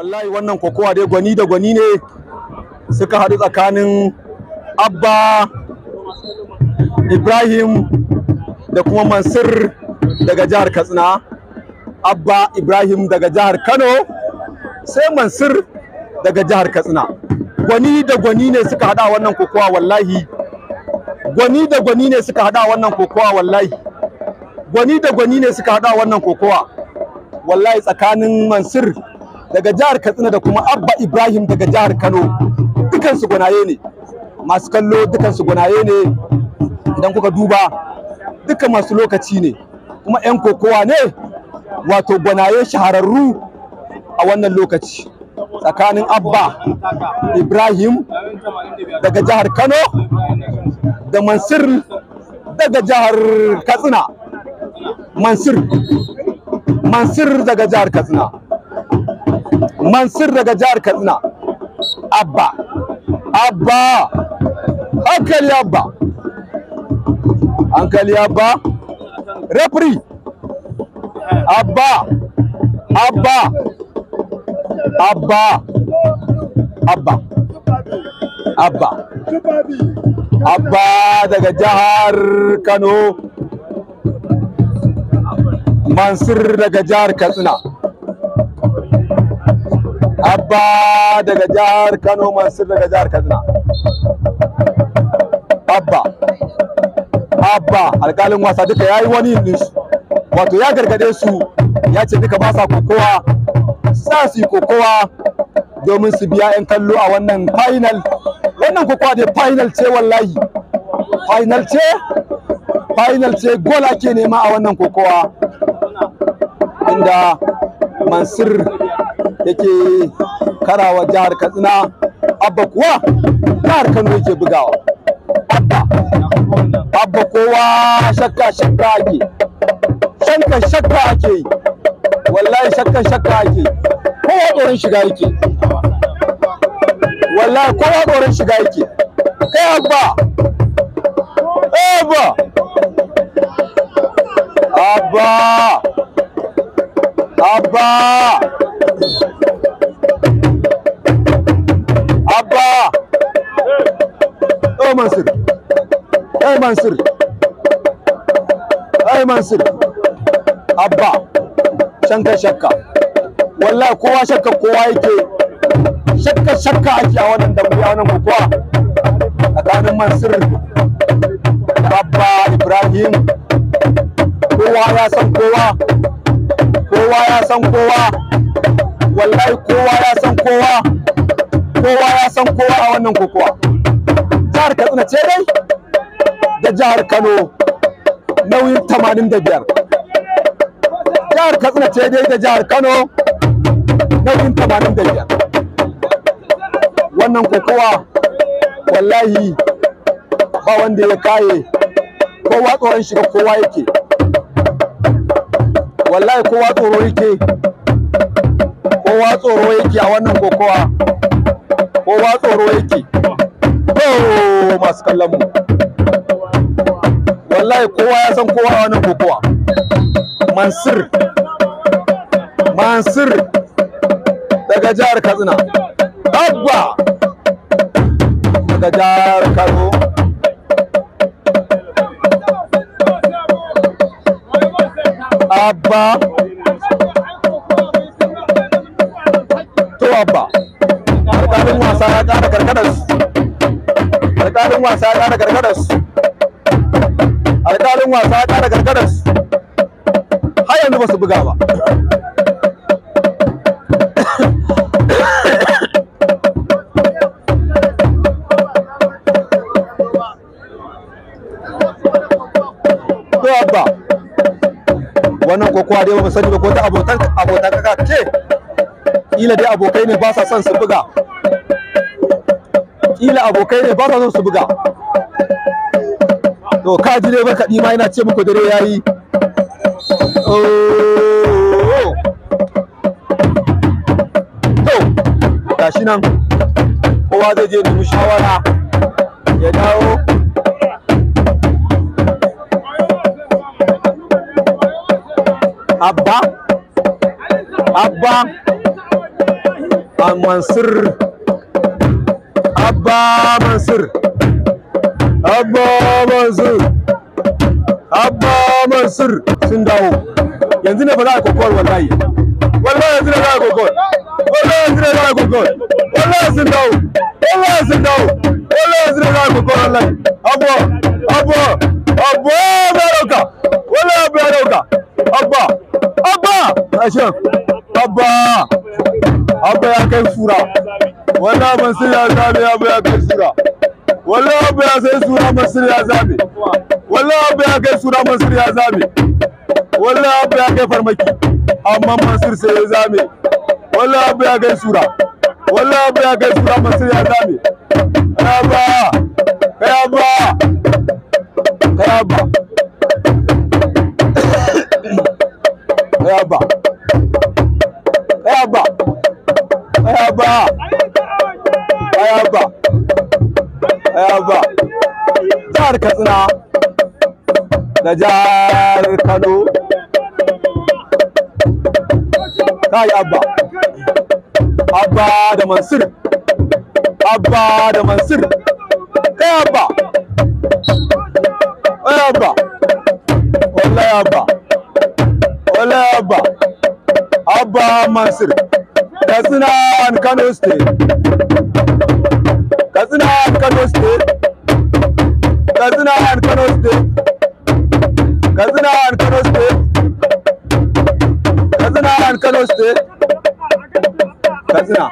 wallahi wannan kokowa dai gwani da gwani ne suka haɗu tsakanin abba ibrahim da kuma mansur daga jihar katsina abba ibrahim daga jihar kano sai mansur daga jihar katsina gwani da gwani ne suka haɗa wannan kokowa wallahi gwani da gwani ne suka haɗa wannan kokowa wallahi gwani da gwani ne suka haɗa wannan kokowa wallahi tsakanin mansur daga jihar Katsina da kuma Abba Ibrahim daga jihar Kano dukansu gwanaye ne masu kallo dukansu gwanaye ne idan kuka duba duka masu lokaci ne kuma 'yan kokowa ne wato gwanaye shahararru a wannan lokaci tsakanin Abba Ibrahim daga jihar Kano da Mansur daga jihar Katsina Mansur Mansur daga jihar Katsina mansur daga jihar katsina abba abba hankali abba hankali abba refri abba abba abba abba abba abba daga jihar kano mansur daga jihar katsina abba daga jihar kano mansur daga jihar kaduna abba abba alkalin wasa duka ya yi wani nisu wato ya gargade su ya ce duka ba sa kokowa sa su yi kokowa domin su biya 'yan kallo a wannan final wannan kokowa dai final ce wallahi final ce final ce gol ake nema a wannan kokowa inda mansur yake karawa jihar katsina abba kuwa jihar kano yake bugawa abba abba kowa shakka shakka ake shakka shakka ake wallahi shakka shakka ake kowa tsoron shiga yake wallahi kowa tsoron shiga yake kai abba abba abba abba Mansur kai Mansur kai Mansur abba Shanka shakka wallahi kowa shakka kowa yake shakka shakka ake a wannan dambe a wannan kokowa tsakanin Mansur abba Ibrahim kowa ya san jihar Kano nauyin 85 jihar Katsina ce dai da jihar Kano nauyin 85 wannan kokowa wallahi ba wanda ya kaye kowa tsoron shiga kowa yake wallahi kowa tsoro yake kowa tsoro yake a wannan kokowa kowa tsoro yake masu kallon mu wallahi kowa ya san kowa wani kokowa mansur mansur daga jihar katsina abba daga jihar kano abba abba alƙalin wasa ya ƙara karkadarsu alƙalin wasa ya ƙara alƙalin wasa ya tara su har yanzu ba su buga ba abba wannan kokowa dai ba mu sani ba ko ta abotan abotan kaka ce kila dai abokai ne ba sa son su buga kila abokai ne ba sa son su buga to ka ji dai makaɗi ma yana ce muku dare yayi oh! to gashi nan kowa zai je nemi shawara ya dawo abba abba mansur abba mansur Abba Mansur Abba Mansur sun ba za a kokowar wallahi wallahi yanzu ne za a kokowar wallahi yanzu ne za a kokowar wallahi sun dawo wallahi sun dawo wallahi za a kokowar wallahi abba abba abba ya dauka abba ya dauka abba abba abba abba ya kai ya kai wallahi abu ya sai sura masir ya zabe wallahi abu ya kai sura masir ya zabe wallahi abu ya kai farmaki amma masir sai ya zame wallahi abu ya kai sura wallahi abu ya kai sura masir ya zame kayaba kayaba kayaba kayaba jihar katsina da jihar kano kai abba abba da mansur abba da mansur kai abba kai abba wallahi abba wallahi abba abba mansur katsina and kano state Katsina and Kano State. Katsina and Kano State. Katsina and Kano State. Katsina.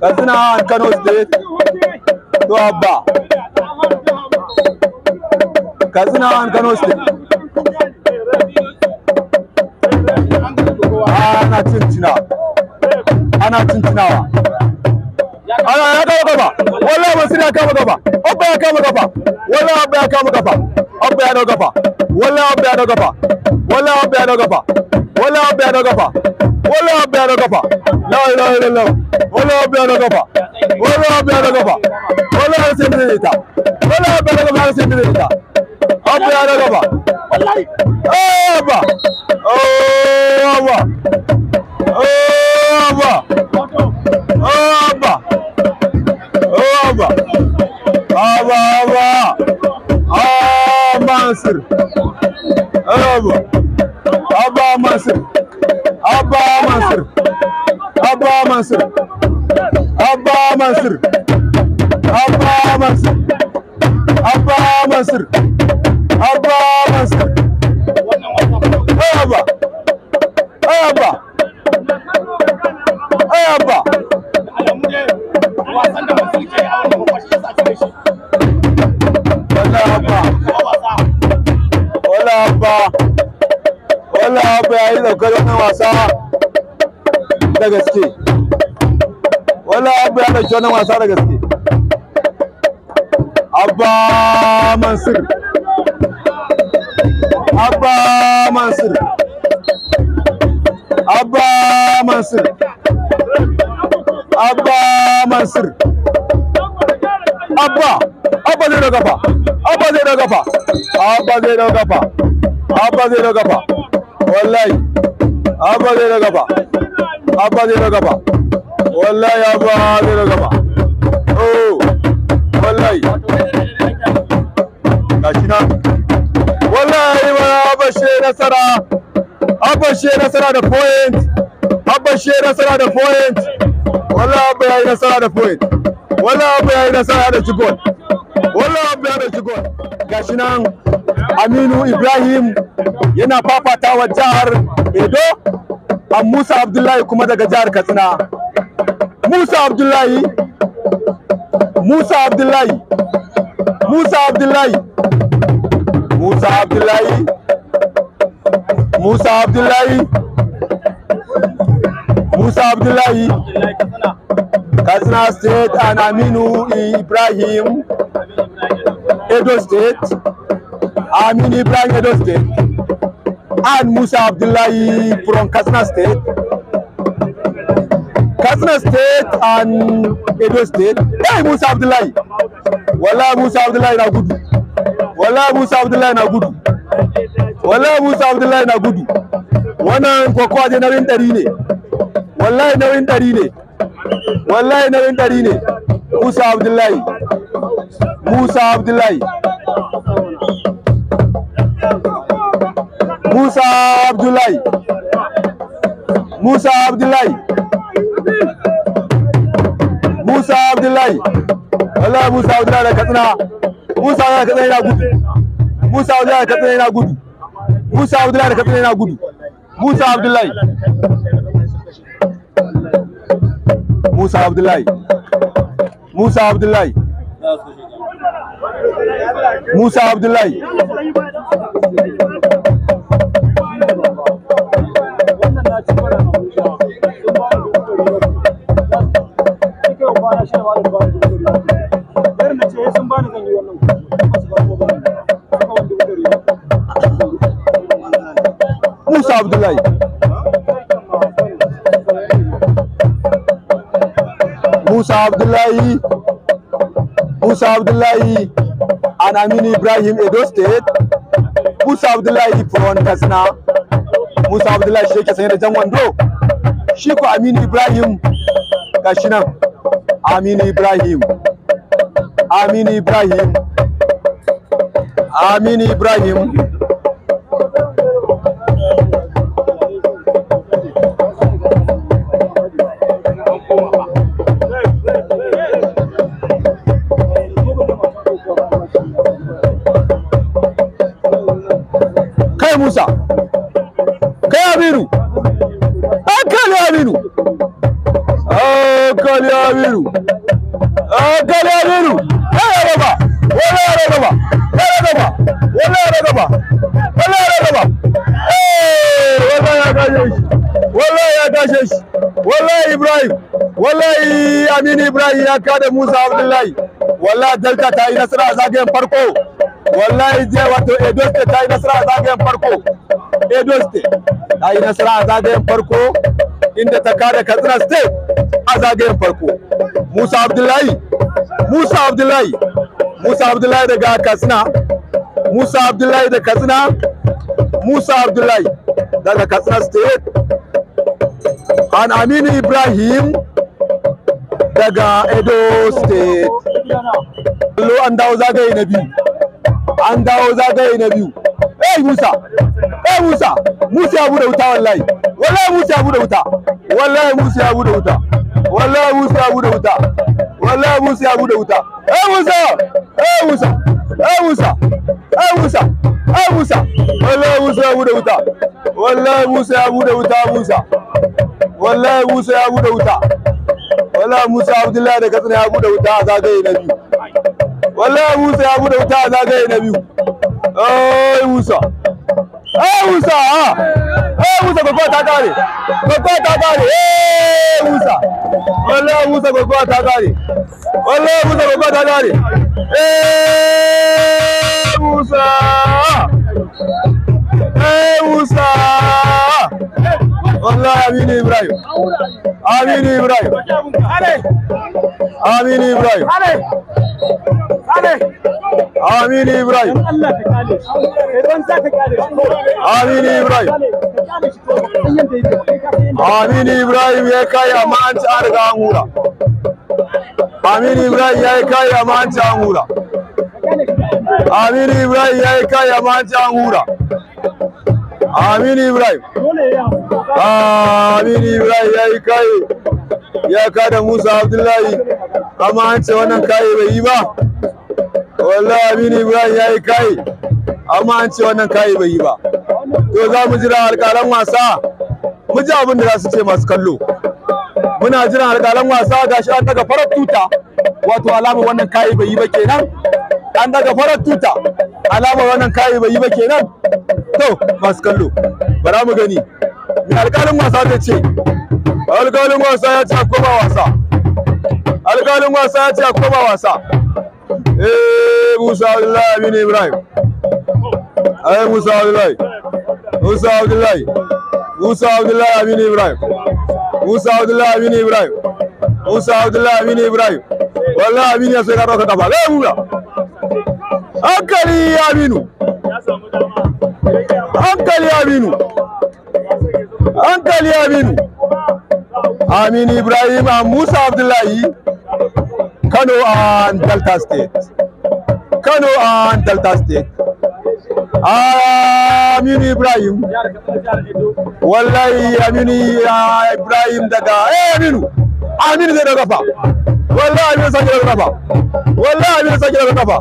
Katsina and Kano State. To Abba. Katsina and Kano State. Ana cincina. Ana cincinawa. Ana ya kama gaba. Wallahi ba su ya kama gaba. kama kafa wannan abu ya kama kafa abu ya dau kafa wannan abu ya dau kafa wannan abu ya dau kafa wannan abu ya dau kafa wannan abu ya dau kafa la ilaha illallah wannan abu ya dau kafa wannan abu ya dau kafa wannan abu sai da ita wannan abu ya dau kafa sai da ita abu ya dau kafa wallahi oh ba oh ba Mansur Abba Mansur Abba Mansur Abba Mansur Abba Abba Abba Wala Abba Abba ya yi daukar wani wasa da gaske wallahi abu ya dauki wannan wasa da gaske abba mansur abba mansur abba mansur abba mansur abba abba zai daga fa abba zai daga fa abba zai daga fa abba zai daga fa wallahi abba zai daga fa abba zai daga fa wallahi ya ba zai na gaba oh wallahi gashi na wallahi ba abashe nasara abashe nasara da point abashe nasara da point wallahi abba yayi nasara da point wallahi abba yayi nasara da jibon wallahi abba ya da jibon gashi nan Aminu Ibrahim yana fafata wa jihar Edo a Musa Abdullahi kuma daga jihar Katsina Musa Abdullahi, Musa Abdullahi, Musa Abdullahi, Musa Abdullahi, Musa Abdullahi, Musa Abdullahi. Katsina State and Aminu Ibrahim Edo State Aminu Ibrahim Edo State and Musa Abdullahi from Katsina State Katsina State and Edo State. Hey, Musa Abdullahi. Wala Musa Abdullahi na gudu. Wala Musa Abdullahi na gudu. Wala Musa Abdullahi na gudu. Wannan kokowa je nauyin ɗari ne. Wallahi nauyin ɗari ne. Wallahi nauyin ɗari ne. Musa Abdullahi. Musa Abdullahi. Musa Abdullahi. Musa Abdullahi. Musa Abdullahi wallahi Musa Abdullahi da Katsina Musa Abdullahi da Katsina yana gudu Musa Abdullahi da Katsina yana gudu Musa Abdullahi da Katsina yana gudu Musa Abdullahi Musa Abdullahi Musa Abdullahi Musa Abdullahi abdullahi musa abdullahi musa abdullahi and ibrahim edo state musa abdullahi from Kasna. musa abdullahi shi ke sanye da jan wando shi ko amini ibrahim gashi nan amini ibrahim amini ibrahim aminu ibrahim Musa kai Aminu akali Aminu akali Aminu akali Aminu kai Araba wala Araba kai Araba wala Araba wala Araba eh wallahi ya kashe shi wallahi ya kashe shi wallahi Ibrahim wallahi Aminu Ibrahim ya kada Musa Abdullahi wallahi Delta ta yi nasara a zagayen farko wallahi je wato edo state ta yi nasara a zagayen farko edo state ta yi nasara a zagayen farko inda ta kada katsina state a zagayen farko musa abdullahi musa abdullahi musa abdullahi daga katsina musa abdullahi da katsina musa abdullahi daga katsina state an aminu ibrahim daga edo state an dawo zagaye na biyu an dawo zagaye na biyu eh musa eh musa musa ya bude wuta wallahi wallahi musa ya bude wuta wallahi musa ya bude wuta wallahi musa ya bude wuta wallahi musa ya bude wuta eh musa eh musa eh musa eh musa eh musa wallahi musa ya bude wuta wallahi musa ya bude wuta musa wallahi musa ya bude wuta wallahi musa abdullahi da katsina ya bude wuta zagaye na biyu wallahi musa ya bude wuta a zagaye na biyu ai musa ai musa ha ai musa gwagwa ta kare gwagwa ta kare ai musa wallahi musa gwagwa ta kare wallahi musa gwagwa ta kare ai musa ai musa Wallahi Aminu Ibrahim. Aminu Ibrahim. Aminu Ibrahim. Aminu Ibrahim. Aminu Ibrahim. Aminu Ibrahim ya kai aman tsar ga angura. Aminu Ibrahim ya kai aman tsar angura. Aminu Ibrahim ya kai aman tsar angura. Amin Ibrahim. Amin Ibrahim ya yi kaye. Ya kada Musa Abdullahi. Amma an ce wannan kaye bai yi ba. Wallahi Amin Ibrahim ya yi kaye. Amma an ce wannan kaye bai yi ba. To za mu jira alƙalan wasa. Mu ji abin da za su ce masu kallo. Muna jiran alƙalan wasa gashi an daga farar tuta. Wato alamar wannan kaye bai yi ba kenan. An daga farar tuta. alamar wannan kayi bai yi ba kenan to masu kallo bara mu gani mai alkalin wasa ta ce Alkalin wasa ya ce akwai wasa alkalin wasa ya ce akwai wasa eh musa abdullahi aminu ibrahim ay eh, musa abdullahi musa abdullahi musa abdullahi aminu ibrahim musa abdullahi aminu ibrahim musa abdullahi aminu ibrahim wallahi aminu ya sai ka roka ta ba zai mura hankali aminu hankali aminu hankali aminu amin ibrahim and musa abdullahi kano and delta state kano and delta state aminu ibrahim wallahi aminu ibrahim daga eh aminu aminu zai daga fa wallahi aminu sake daga fa wallahi aminu sake daga fa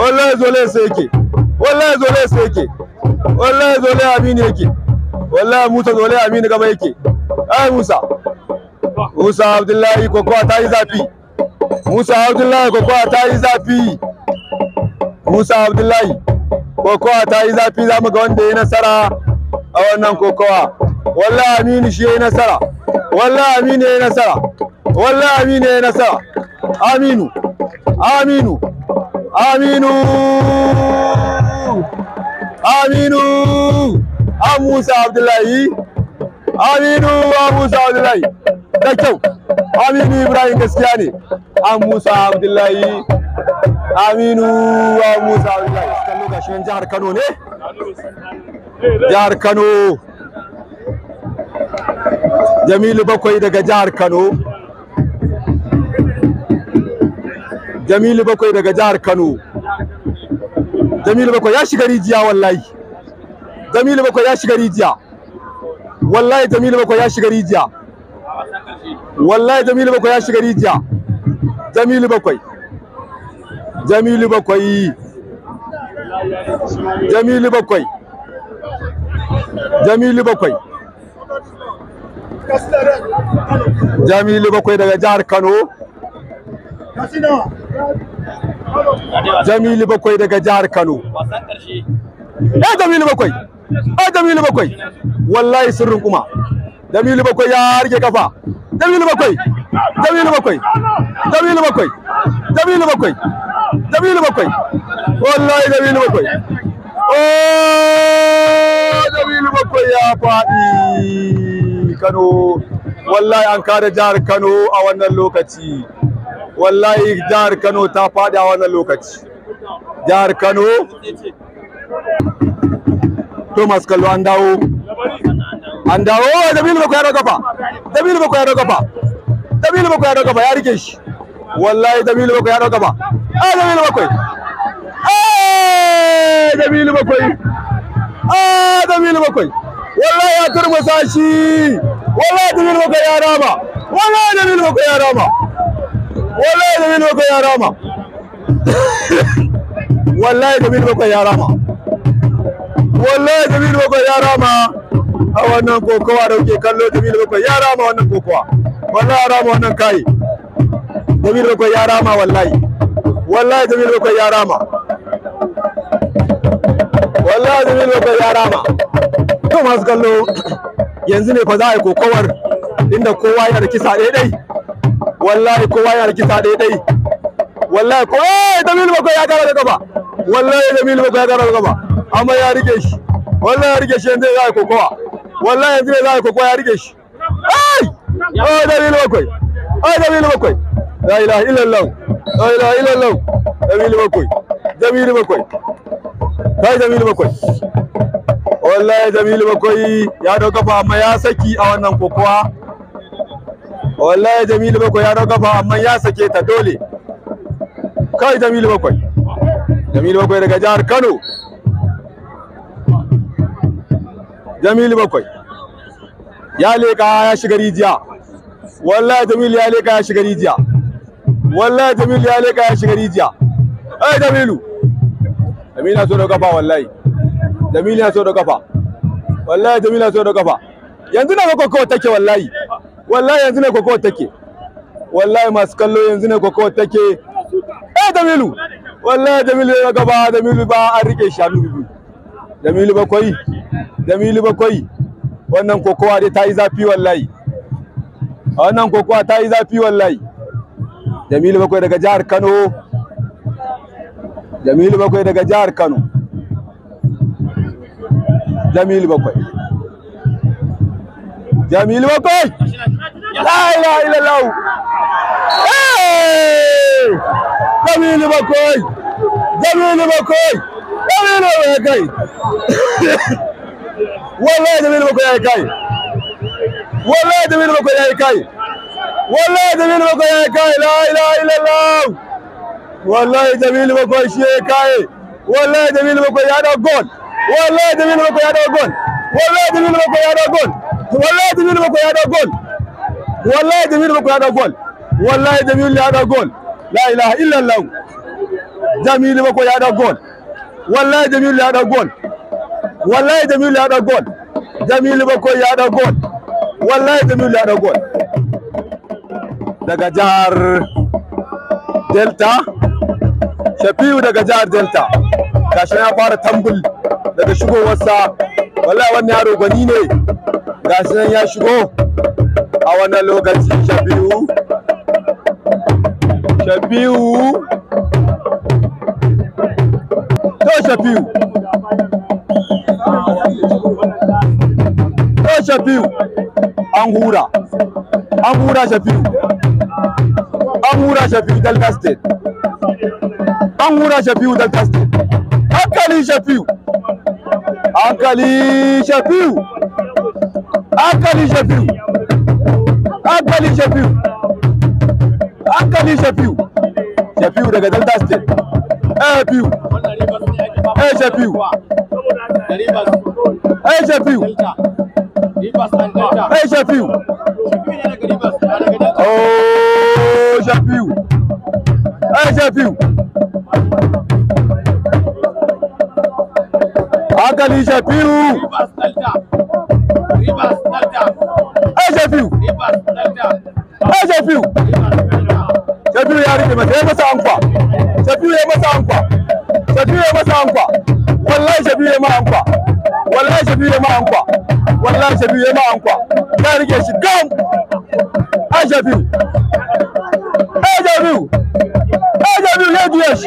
wallahi zole sai yake wallahi zole sai yake wallahi zole amini yake wallahi musa zole amini gaba yake ai musa musa abdullahi kokowa ta yi zafi musa abdullahi kokowa ta yi zafi musa abdullahi kokowa ta yi zafi za mu ga wanda ya nasara a wannan kokowa wallahi amini shi ya yi nasara wallahi amini ya yi nasara wallahi amini ya yi nasara aminu aminu aminu aminu a musa abdullahi aminu a musa abdullahi da kyau aminu ibrahim gaskiya ne a musa abdullahi aminu a musa abdullahi kallo ga shi jihar kano ne jihar kano jamilu bakwai daga jihar kano Jamilu bakwai daga jihar Kano Jamilu bakwai ya shiga rijiya wallahi Jamilu bakwai ya shiga rijiya wallahi Jamilu bakwai ya shiga rijiya wallahi Jamilu bakwai ya shiga rijiya Jamilu bakwai Jamilu bakwai Jamilu bakwai Jamilu bakwai Jamilu bakwai daga jihar Kano Jamilu bakwai daga jihar Kano. Eh Jamilu bakwai. Eh Jamilu bakwai. Wallahi sirrin kuma. Jamilu bakwai ya rike kafa. Jamilu bakwai. Jamilu bakwai. Jamilu bakwai. Jamilu bakwai. Jamilu bakwai. Wallahi Jamilu bakwai. Oh Jamilu bakwai ya faɗi Kano. Wallahi an kare jihar Kano a wannan lokaci. wallahi jihar Kano ta a wannan lokaci jihar Kano Thomas kallo an dawo an dawo oh, Jamil ba ku yaro kafa Jamil ya ku yaro kafa Jamil ba ku yaro kafa ya rike shi wallahi Jamil ba ku yaro kafa eh Jamil ba ku eh Jamil ba bakwai, eh Jamil ba ku wallahi ya turmusa shi wallahi Jamil ba ku yaro ba wallahi Jamil ba ku yaro wallahi da bin bakwai ya rama wallahi da bin bakwai ya rama wallahi da bin bakwai ya rama a wannan kokowa da kuke kallo da bin bakwai ya rama wannan kokowa wallahi ya rama wannan kai da bin bakwai ya rama wallahi wallahi da bin bakwai ya rama wallahi da bin bakwai ya rama to masu kallo yanzu ne fa za a yi kokowar inda kowa yana da kisa ɗaya ɗaya wallahi kowa yana kisa ɗaya dai wallahi ko eh Jamilu bakwai ya gara da gaba wallahi Jamilu bakwai ya gara da gaba amma ya rike shi wallahi ya rike shi yanzu zai yi kokowa wallahi yanzu zai yi kokowa ya rike shi ai ai oh, Jamilu bakwai ai oh, Jamilu bakwai la ilaha illallah la ilaha illallah Jamilu bakwai Jamilu bakwai kai Jamilu bakwai wallahi Jamilu bakwai ya dauka fa amma ya saki a wannan kokowa wallahi jamilu bakwai ya fa amma ya sake ta dole kai jamilu bakwai jamilu bakwai daga jihar kano jamilu bakwai ya leka ya shiga rijiya wallahi jamilu ya leka ya shiga rijiya wallahi jamilu ya leka ya shiga rijiya ai jamilu jamilu na so da kafa wallahi jamilu na so da kafa wallahi jamilu na so da kafa yanzu na ga kokowa take wallahi wallahi yanzu ne kokowa take wallahi masu kallo yanzu ne kokowa take eh Jamilu wallahi Jamilu ya gaba Jamilu ba an rike shi hannu biyu Jamilu bakwai Jamilu bakwai wannan kokowa dai ta yi zafi wallahi wannan kokowa ta yi zafi wallahi Jamilu bakwai daga jihar Kano Jamilu bakwai daga jihar Kano Jamilu bakwai Jamilu bakwai. La ilaha illallah. Jamilu bakwai. Jamilu bakwai. Jamilu bakwai kai. Wallahi Jamilu bakwai ya kai. Wallahi Jamilu bakwai ya kai. Wallahi Jamilu bakwai ya kai. La ilaha illallah. Wallahi Jamilu bakwai shi ya kai. Wallahi Jamilu bakwai ya da gol. Wallahi Jamilu bakwai ya da gol. Wallahi Jamilu bakwai ya da gol. wallahi jamilu bako ya da gol wallahi jamilu bako ya da gol wallahi jamilu ya da gol la ilaha illallah jamilu bako ya da gol wallahi jamilu ya da gol wallahi jamilu ya da gol jamilu bako ya da gol wallahi jamilu ya da gol daga jahar delta shafiu daga jahar delta gashi ya fara tambul daga shigowarsa wallahi wannan yaro gwani ne ga nan ya shigo a wannan lokaci shabiu shabiu to shabiu to shabiu an hura an hura shabiu an hura shabiu delta state an hura shafiu delta state hankali shafiu hankali shafiu je hankali shafiu hankali shafiu hankali shafiu shafiu daga delta state eh biyu eh shafiu eh shafiu eh shafiu oh shafiu eh shafiu je shafiu Shafiu kai Shafiu Shafiu ya rike masa ya masa ankwa Shafiu ya masa ankwa Shafiu ya masa ankwa wallahi Shafiu ya masa ankwa wallahi Shafiu ya masa ankwa wallahi Shafiu ya masa ankwa ya rike shi gam ai Shafiu ai Shafiu ai Shafiu ya juya shi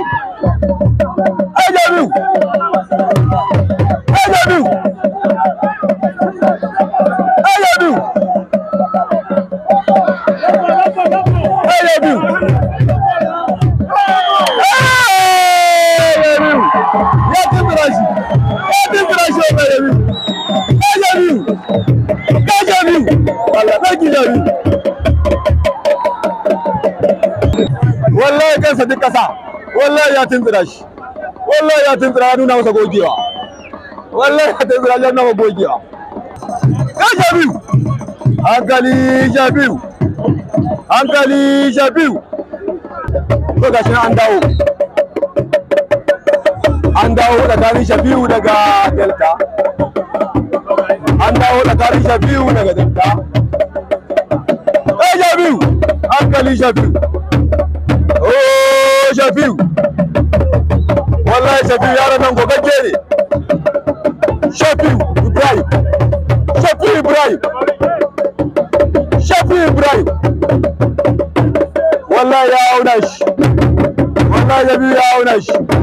wallahi kansa duk kasa wallahi ya tuntura shi wallahi ya tuntura ya nuna masa gogewa wallahi ya tuntura ya nuna masa gogewa ka jabiu hankali jabiu hankali jabiu gashi an dawo an dawo tsakanin shafi'u daga delta an dawo tsakanin shafi'u daga delta eh shafi'u hankali shafi'u oh shafi'u wallahi shafi'u yaran nan gogagge ne shafi'u ibrahim shafi'u ibrahim shafi'u ibrahim wallahi ya auna shi wallahi ya biyu ya auna shi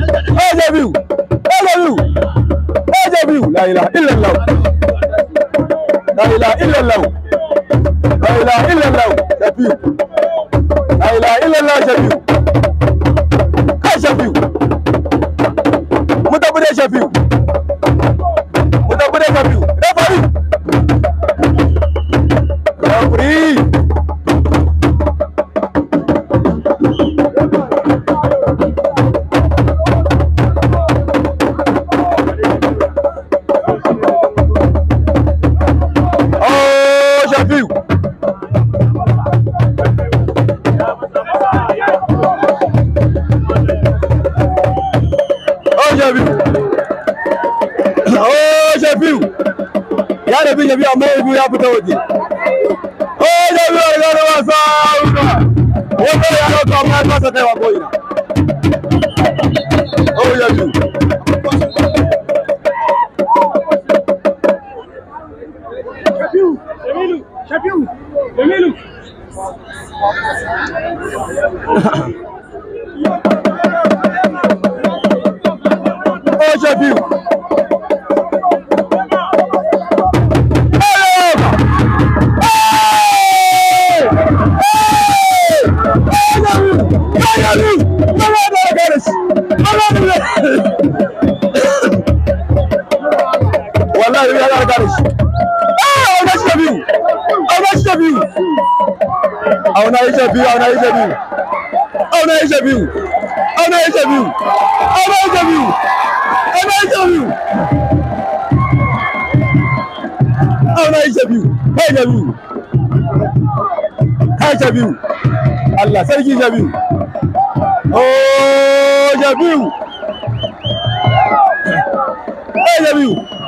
Eje biyu. Eje biyu. Eje biyu. La ilaha illallah. La ilaha illallah. La ilaha illallah. Shafiu. La ilaha illallah Shafiu. Kai Shafiu. Mu tabbata Shafiu. mengu yakutoji ojaviwaigano wasauka wotoyaoka mwaipasatewaboi biyu auna ije biyu auna ije biyu auna ije biyu auna ije biyu auna ije biyu auna ije biyu kai ije biyu kai ije biyu Allah sarki ije biyu oh ije biyu kai ije biyu